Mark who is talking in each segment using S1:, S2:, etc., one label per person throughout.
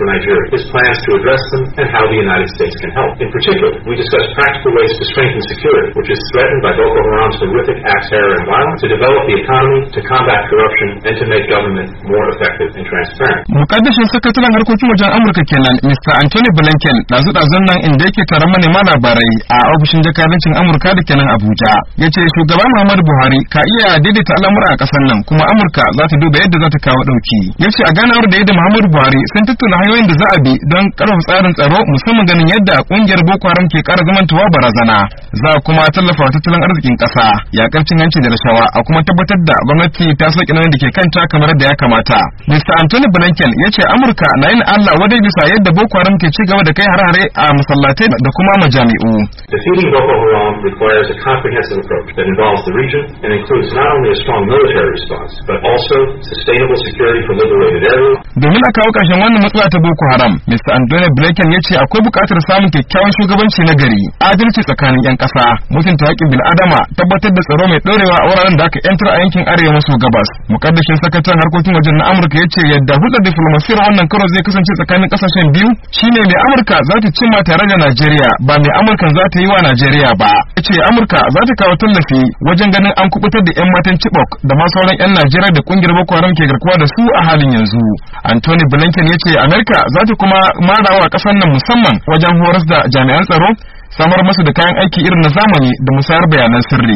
S1: for Nigeria, his plans to address them, and how the United States can help. In particular, we discuss practical ways to strengthen security, which is threatened by Boko Haram's horrific acts of terror and violence, to develop the economy, to combat corruption, and to make government more effective and transparent.
S2: Mukaddashin sakataren harkokin wajen Amurka kenan Mr. Anthony Blinken dazu-dazun nan inda yake taron manema labarai a ofishin jakadancin Amurka da kenan Abuja. Ya ce shugaba Muhammadu Buhari ka iya daidaita al'amura a ƙasar nan kuma Amurka za ta duba yadda za ta kawo ɗauki. Ya ce a ganawar da ya Muhammadu Buhari sun tattauna hanyoyin da za a bi don karfafa tsarin tsaro musamman ganin yadda kungiyar boko haram ke kara zamantawa barazana za kuma tallafa tattalin arzikin kasa yakar cin hanci da rashawa a kuma tabbatar da gwamnati ta saki nan da ke kanta kamar da ya kamata Mr. Anthony Blinken ya ce Amurka na yin Allah wadai bisa yadda Boko Haram ke ci gaba da kai har-hare a masallatai da kuma majami'u.
S1: a
S2: Domin a kawo ƙarshen wannan matsala ta Boko Haram, Mr. Anthony Blinken ya ce akwai buƙatar samun kyakkyawan shugabanci na gari, adalci tsakanin 'yan Kasa mutunta haƙƙin Adama tabbatar da tsaro mai dorewa a wuraren da aka enter a yankin arewa maso gabas mukaddashin sakataren harkokin wajen na amurka ya ce yadda hulɗar diflomasiyar wannan karo zai kasance tsakanin kasashen biyu shine mai amurka za ta cimma tare da najeriya ba mai amurka za ta yi wa najeriya ba ya ce amurka za ta kawo tallafi wajen ganin an kubutar da 'yan matan chibok da ma sauran 'yan najeriya da ƙungiyar boko haram ke garkuwa da su a halin yanzu Antony blinken ya ce amurka za ta kuma marawa ƙasar nan musamman wajen horas da jami'an tsaro samar masu da kayan aiki irin na zamani da musayar bayanan sirri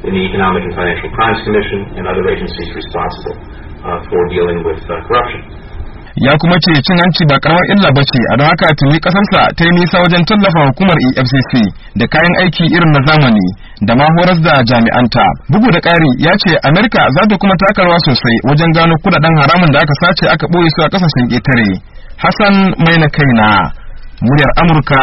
S1: in the Economic and Financial Crimes Commission and other agencies responsible uh, for dealing with uh,
S2: ya kuma ce cin hanci ba karamar illa ba ce a don haka tuni kasarsa ta yi nisa wajen tallafa hukumar efcc da kayan aiki irin na zamani da ma horas da jami'anta bugu da ƙari ya ce amerika za ta kuma takarwa sosai wajen gano kudaden haramun da aka sace aka ɓoye su a ƙasashen ƙetare hassan mai na kaina muryar amurka